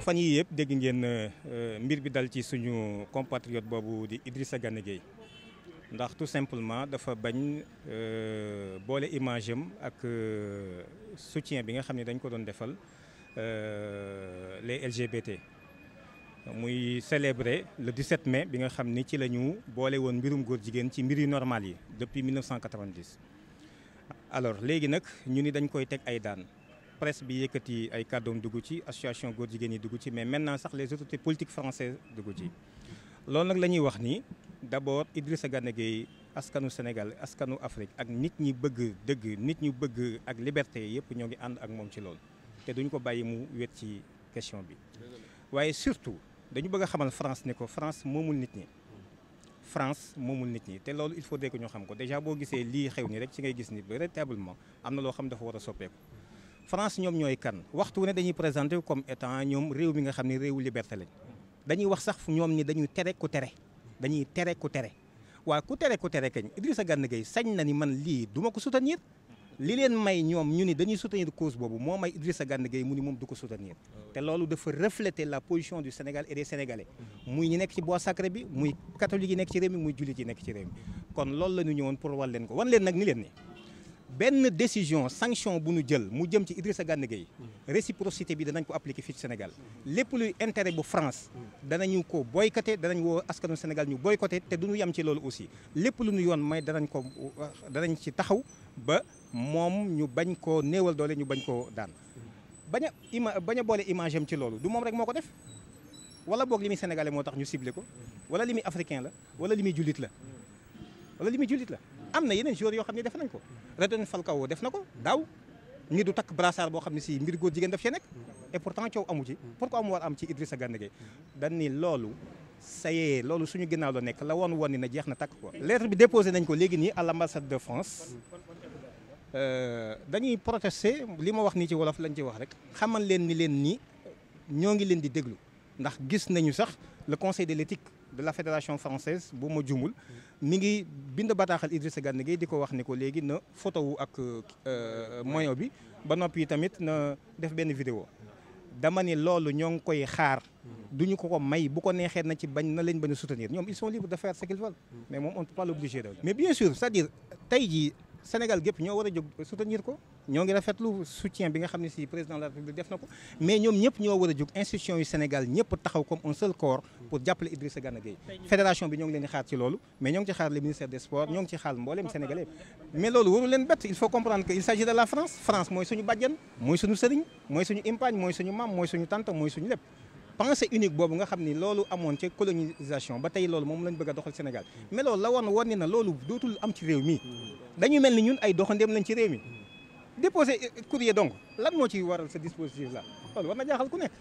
fan yii yëpp dégg ngeen euh, euh, mbir bi dal ci suñu compatriote boobu di Idrissa Gana Gueye ndax tout simplement dafa bañ euh, boole imagem am ak soutien bi nga xam ne dañ ko doon defal les LGBT. muy célébrer le 17 mai bi nga xam ni ci la ñu boole woon mbirum góor jigéen ci mbir yu normal yi depuis 1990 alors léegi nag ñu ni dañ koy teg ay daan. presse bi yëkkati ay kàddoom dugg ci association góor jigéen yi dugg ci mais maintenant sax les autorités politiques françaises dugg ci. loolu nag la ñuy wax ni d'abord Idrissa Gana Gueye askanu Sénégal askanu Afrique ak nit ñi bëgg dëgg nit ñu bëgg ak liberté yëpp ñoo ngi ànd ak moom ci loolu te duñu ko bàyyi mu wet ci question bi. waaye surtout dañu bëgg a xamal France ne ko France moomul nit ñi. France moomul nit ñi te loolu il faudrait que ñoo xam ko déjà boo gisee lii xew nii rek ci ngay gis ni véritablement am na loo xam dafa war a soppeeku. France ñoom ñooy kan waxtu wu ne dañuy présenté comme étant ñoom réew mi nga xam ni réewu liberté lañ dañuy wax sax ñoom ni dañuy tere ku tere dañuy tere ku tere waaye ku tere ku tere kañ sa Gana Gueye sañ na ni man lii du ma ko soutenir li leen may ñoom ñu ni dañuy soutenir cause boobu moo may Idrissa Gana Gueye mu ni moom du ko soutenir te loolu dafa refléter la position du Sénégal et des Sénégalais muy ñi nekk ci bois sacré bi muy catholique yi nekk ci réew mi muy jullit ci réew mi kon la ñu ñëwoon pour wan leen ko wan leen nag ni leen benn décision sanction bu ñu jël mu jëm ci Idrissa Gana Gueye mm. réciprocité bi danañ ko appliquer fii ci Sénégal lépp luy intérêt bu France mm. danañu ko boycotté danañ woo askanu Sénégal ñu boycotté te du ñu yem ci loolu aussi lépp lu nu yoon may danañ ko danañ ci taxaw ba moom ñu bañ koo néewal doole ñu bañ koo daan bañ ima bañ a boole image am ci loolu du moom rek moo ko def wala boog li muy moo tax ñu ciblé ko wala li muy africain la wala li muy jullit la wala li muy jullit la am na yeneen joueurs yoo xam ne def nañ ko Radamel Falcao def na ko daaw ñi du takk brassard boo xam ne si mbir góor jigéen def cee nekk et pourtant coow amu ci pourquoi mu war am ci Idrissa Gana Gueye dañ nii loolu sayee loolu suñu ginnaaw la nekk la woon won ni na jeex na takk ko lettre bi déposé nañ ko léegi nii à l'ambassade de France euh, dañuy protester li ma wax nii ci wolof lañ ci wax rek xamal leen ni leen nii ñoo ngi leen di déglu ndax gis nañu sax le conseil de l'éthique de la fédération française bu ma jumul mi ngi bind bataaxal Idrissa Gana Gueye di ko wax ni ko léegi na photo wu ak euh, moyo bi ba noppi tamit na def benn vidéo dama ni loolu ñoo ngi koy xaar duñu ko ko may bu ko neexee na ci bañ na leen bañ a soutenir ñoom ils sont libres de faire ce qu'ils veulent mais moom on ne peut pas l'obliger mais bien sûr cest dire tey jii Sénégal gépp ñoo war a jóg soutenir ko ñoo ngi rafetlu soutien bi nga xam ne si président la république def na ko mais ñoom ñëpp ñoo war a jóg institution yu Sénégal ñëpp taxaw comme un seul corps pour jàppale Idrissa Gana Gueye fédération bi ñoo ngi leen xaar ci loolu mais ñoo ngi ci xaar le ministère des sports ñoo ngi ci xaar mboolem sénégalais mais loolu waru bett il faut comprendre que il s'agit la France France mooy suñu bàjjan mooy suñu sëriñ mooy suñu impaañ mooy suñu maam déposer courrier donc lan moo ci waral ce dispositif là loolu war na jaaxal ku nekk.